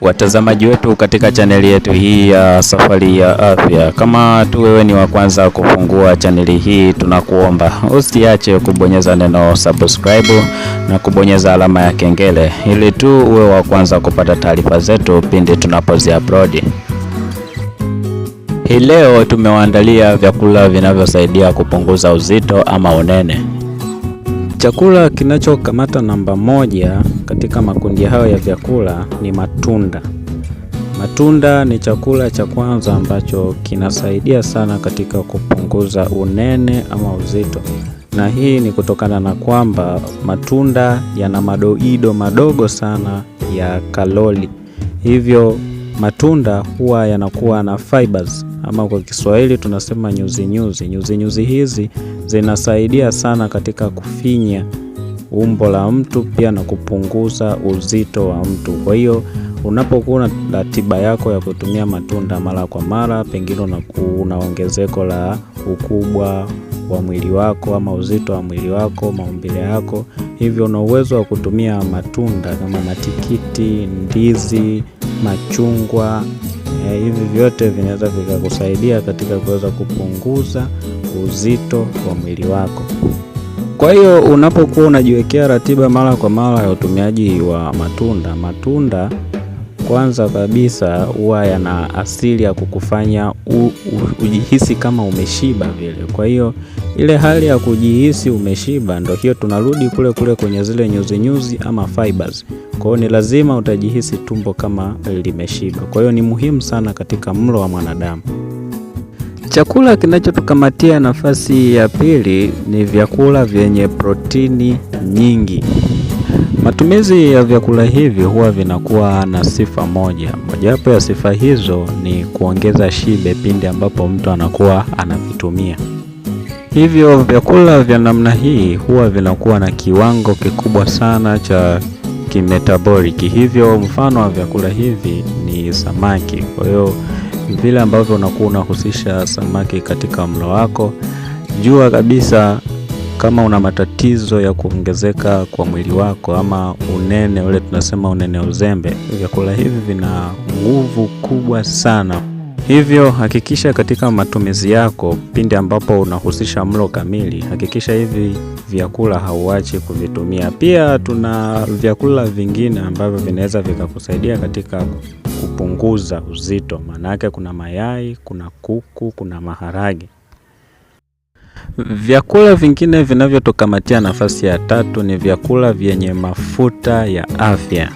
watazamaji wetu katika chaneli yetu hii ya Safari ya Afya. Kama tu wewe ni wa kwanza kufungua chaneli hii, tunakuomba usiache kubonyeza neno subscribe na kubonyeza alama ya kengele ili tu uwe wa kwanza kupata taarifa zetu pindi tunapozi upload. Hii leo tumewaandalia vyakula vinavyosaidia kupunguza uzito ama unene. Chakula kinachokamata namba moja katika makundi hayo ya vyakula ni matunda. Matunda ni chakula cha kwanza ambacho kinasaidia sana katika kupunguza unene ama uzito, na hii ni kutokana na kwamba matunda yana madoido madogo sana ya kalori, hivyo matunda huwa yanakuwa na fibers ama kwa Kiswahili tunasema nyuzinyuzi. Nyuzinyuzi hizi zinasaidia sana katika kufinya umbo la mtu pia na kupunguza uzito wa mtu. Kwa hiyo unapokuwa na ratiba yako ya kutumia matunda mara kwa mara, pengine una ongezeko la ukubwa wa mwili wako ama uzito wa mwili wako, maumbile yako, hivyo una uwezo wa kutumia matunda kama matikiti, ndizi, machungwa Eh, hivi vyote vinaweza vikakusaidia katika kuweza kupunguza uzito wa mwili wako. Kwa hiyo unapokuwa unajiwekea ratiba mara kwa mara ya utumiaji wa matunda, matunda kwanza kabisa huwa yana asili ya kukufanya u, u, ujihisi kama umeshiba vile. Kwa hiyo ile hali ya kujihisi umeshiba, ndio hiyo tunarudi kule kule kwenye zile nyuzinyuzi ama fibers. Kwa hiyo ni lazima utajihisi tumbo kama limeshiba. Kwa hiyo ni muhimu sana katika mlo wa mwanadamu. Chakula kinachotukamatia nafasi ya pili ni vyakula vyenye protini nyingi. Matumizi ya vyakula hivi huwa vinakuwa na sifa moja. Mojawapo ya sifa hizo ni kuongeza shibe pindi ambapo mtu anakuwa anavitumia. Hivyo vyakula vya namna hii huwa vinakuwa na kiwango kikubwa sana cha kimetaboliki. Hivyo mfano wa vyakula hivi ni samaki. Kwa hiyo vile ambavyo unakuwa unahusisha samaki katika mlo wako, jua kabisa kama una matatizo ya kuongezeka kwa mwili wako ama unene ule tunasema unene uzembe, vyakula hivi vina nguvu kubwa sana. Hivyo hakikisha katika matumizi yako, pindi ambapo unahusisha mlo kamili, hakikisha hivi vyakula hauachi kuvitumia. Pia tuna vyakula vingine ambavyo vinaweza vikakusaidia katika kupunguza uzito, maanake kuna mayai, kuna kuku, kuna maharage. Vyakula vingine vinavyotokamatia nafasi ya tatu ni vyakula vyenye mafuta ya afya.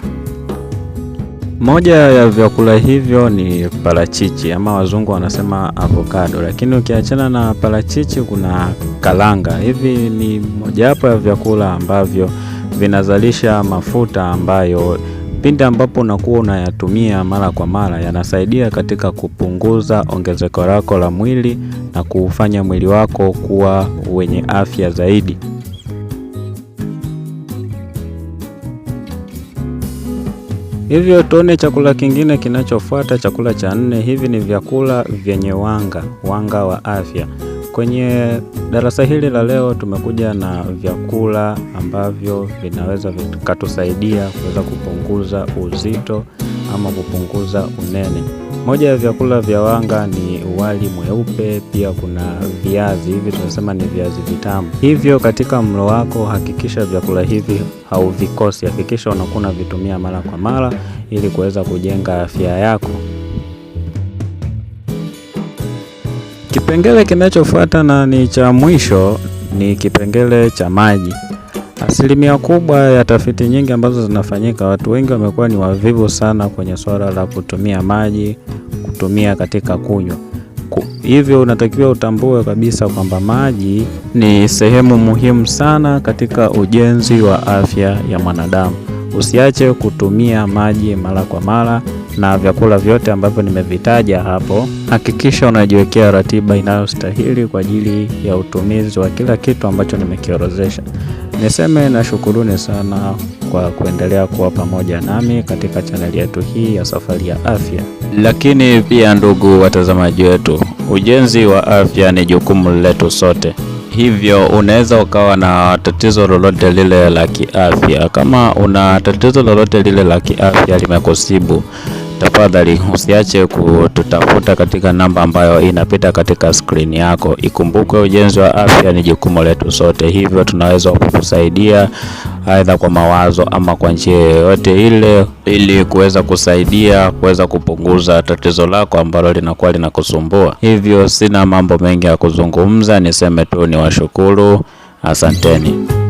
Moja ya vyakula hivyo ni parachichi ama wazungu wanasema avocado, lakini ukiachana na parachichi kuna kalanga. Hivi ni mojawapo ya vyakula ambavyo vinazalisha mafuta ambayo pindi ambapo unakuwa unayatumia mara kwa mara yanasaidia katika kupunguza ongezeko lako la mwili na kuufanya mwili wako kuwa wenye afya zaidi. Hivyo tuone chakula kingine kinachofuata, chakula cha nne. Hivi ni vyakula vyenye wanga, wanga wa afya. Kwenye darasa hili la leo tumekuja na vyakula ambavyo vinaweza vikatusaidia kuweza kupunguza uzito ama kupunguza unene. Moja ya vyakula vya wanga ni wali mweupe, pia kuna viazi hivi tunasema ni viazi vitamu. Hivyo katika mlo wako hakikisha vyakula hivi hauvikosi, hakikisha unakuwa unavitumia mara kwa mara ili kuweza kujenga afya yako. Kipengele kinachofuata na ni cha mwisho ni kipengele cha maji. Asilimia kubwa ya tafiti nyingi ambazo zinafanyika, watu wengi wamekuwa ni wavivu sana kwenye swala la kutumia maji, kutumia katika kunywa siku. Hivyo unatakiwa utambue kabisa kwamba maji ni sehemu muhimu sana katika ujenzi wa afya ya mwanadamu. Usiache kutumia maji mara kwa mara na vyakula vyote ambavyo nimevitaja hapo. Hakikisha unajiwekea ratiba inayostahili kwa ajili ya utumizi wa kila kitu ambacho nimekiorozesha. Niseme na shukuruni sana kwa kuendelea kuwa pamoja nami katika chaneli yetu hii ya Safari ya Afya. Lakini pia ndugu watazamaji wetu, ujenzi wa afya ni jukumu letu sote. Hivyo unaweza ukawa na tatizo lolote lile la kiafya. Kama una tatizo lolote lile la kiafya limekusibu, tafadhali usiache kututafuta katika namba ambayo inapita katika skrini yako. Ikumbukwe, ujenzi wa afya ni jukumu letu sote, hivyo tunaweza kukusaidia aidha kwa mawazo ama kwa njia yoyote ile, ili kuweza kusaidia kuweza kupunguza tatizo lako ambalo linakuwa linakusumbua. Hivyo sina mambo mengi ya kuzungumza, niseme tu ni washukuru, asanteni.